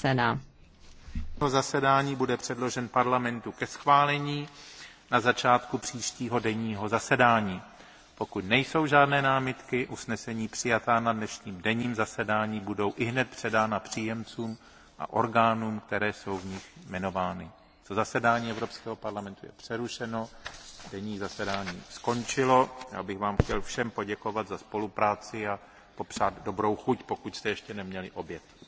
cena. Po zasedání bude předložen parlamentu ke schválení na začátku příštího denního zasedání. Pokud nejsou žádné námitky, usnesení přijatá na dnešním denním zasedání budou ihned předána příjemcům a orgánům, které jsou v nich jmenovány. To zasedání Evropského parlamentu je přerušeno, denní zasedání skončilo. Já bych vám chtěl všem poděkovat za spolupráci a popřát dobrou chuť, pokud jste ještě neměli oběd.